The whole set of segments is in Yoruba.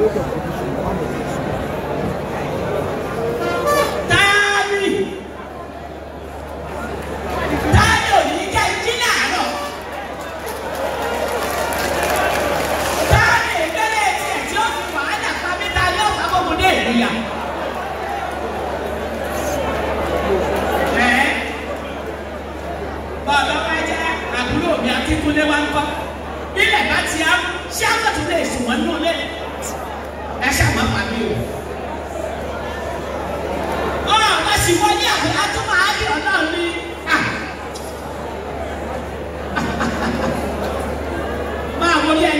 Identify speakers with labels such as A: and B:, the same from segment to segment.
A: 有可能。ẹ ṣàmọ́ pàmí o. ọ̀rọ̀ kan sì wọ́n ní àwọn atúmọ̀ ayé ọlọ́run ní. máa wọlé ẹni.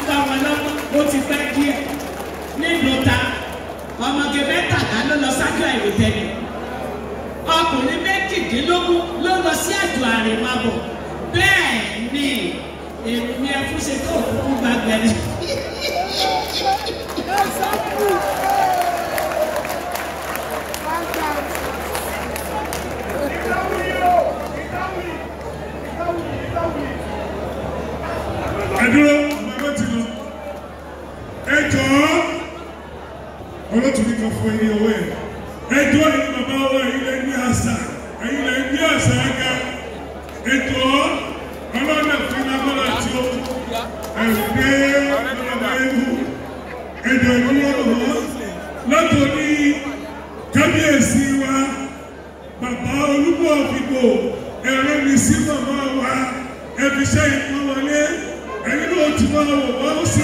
A: rẹ̀ máa bọ̀ bẹ́ẹ̀ ni èmi ẹ̀fúnṣe tó kúkú bá gbẹ̀rẹ̀. ẹdúró ọmọ ẹgbẹ́ ti lọ ẹ jọ̀ọ́ olótùú ní kan fún ẹ ní owó ẹ jọ̀ọ́ ẹ. ètò ọlọ́dà fún agbára tí ó àìpé ọlọ́dà ewu ètò ìdúró látòní kábíyèsí wa bàbá olúbọ̀ òfìgbò ẹ̀rọ mi sí màmá wa ẹ̀fiṣẹ́ ìpọ́n wọlé ẹ̀yin náà ti máa wọ̀ wá ó sì.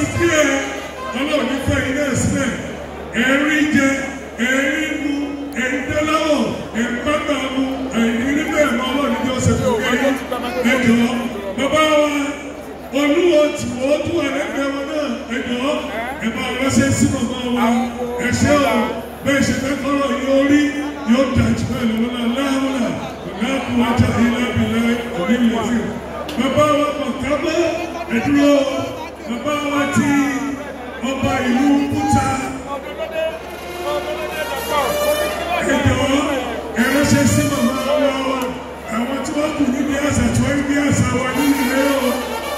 A: ẹjọ́ bàbá wa olúwo tí ó tún wà lẹ́gbẹ̀ẹ́ wọn náà ẹjọ́ ẹ máa ránṣẹ́ sí bàbá wa ẹ ṣé o bẹ́ẹ̀ ṣe fẹ́ kọ́rọ̀ yóò rí yóò dájú bẹ́ẹ̀ lọ́wọ́ náà láàmúlà láàmú ọjà ilé ìbílẹ̀ onílẹ̀ sí bàbá wa kọ̀ọ̀kábẹ́ ẹ̀dúró bàbá wa ti ọba ìlú kúta ẹjọ́ ẹ sí bàbá. wa nínú ilé o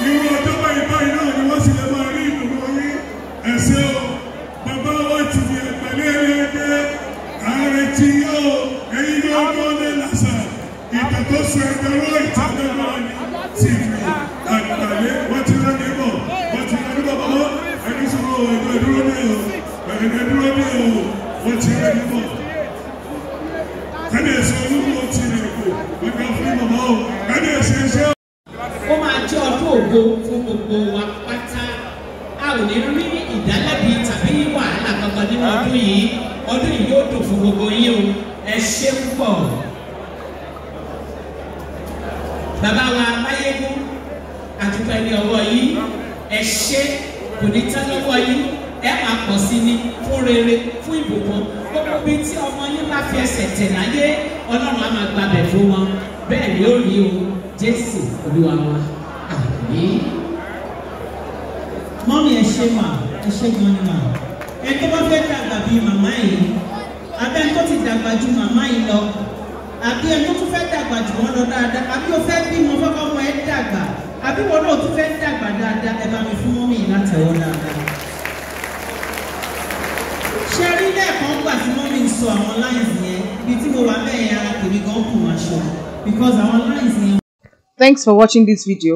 A: irú ọjọ́ báyìí báyìí náà ni wọ́n sì lè máa rí ìdùnnú orí ẹ̀sẹ̀ o bàbá wa ti fi ẹ̀pẹ̀lẹ́ ẹ̀ẹ́dẹ́ ààrẹ ti yọ ẹ̀yin náà gbọ́ ní làṣà ìtàn tó sọ ẹgbẹ̀rún ìtàgé náà ni ti fi àgbàlẹ́ wọ́n ti rán ní bọ̀ wọ́n ti rán ní bọ̀ bọ́ ẹni sọ̀rọ̀ gbogbo wa pátá a ò ní rí ìdálẹ́bi tàbí wàhálà kankan nínú ọdún yìí ọdún yìí yóò dùn fún gbogbo yín o ẹ ṣé púpọ̀. bàbá wa Máyégún àdúgbò ẹni ọwọ́ yìí ẹ ṣé kò ní tán lọ́wọ́ yín ẹ máa pọ̀ sí ni fún rere fún ìbùkún gbogbo bíi tí ọmọ yín bá fi ẹsẹ̀ tẹ̀ láyé ọlọ́run á máa gbabẹ̀ fún wọn bẹ́ẹ̀ ni ó rí o Jésù Olúwa wa àmín ṣe mà ẹ ṣe gan ni mà ẹ tó bá fẹ́ dàgbà bí màmá yìí abẹ́ tó ti dàgbà ju màmá yìí lọ àbí ẹ tó tún fẹ́ dàgbà jù wọ́n lọ dáadáa àbí o fẹ́ bímọ fọ́kọ́ ọmọ ẹ dàgbà àbí wọn náà tún fẹ́ dàgbà dáadáa ẹ bá mi fún mọ́mí yìí látẹ̀wọ́ dáadáa. ṣé rí lẹ́ẹ̀kan gbà tí mọ́mí sọ àwọn lines yẹn bí tí mo wà bẹ́ẹ̀ yẹn ara gan kù aṣọ because Thanks for watching this video.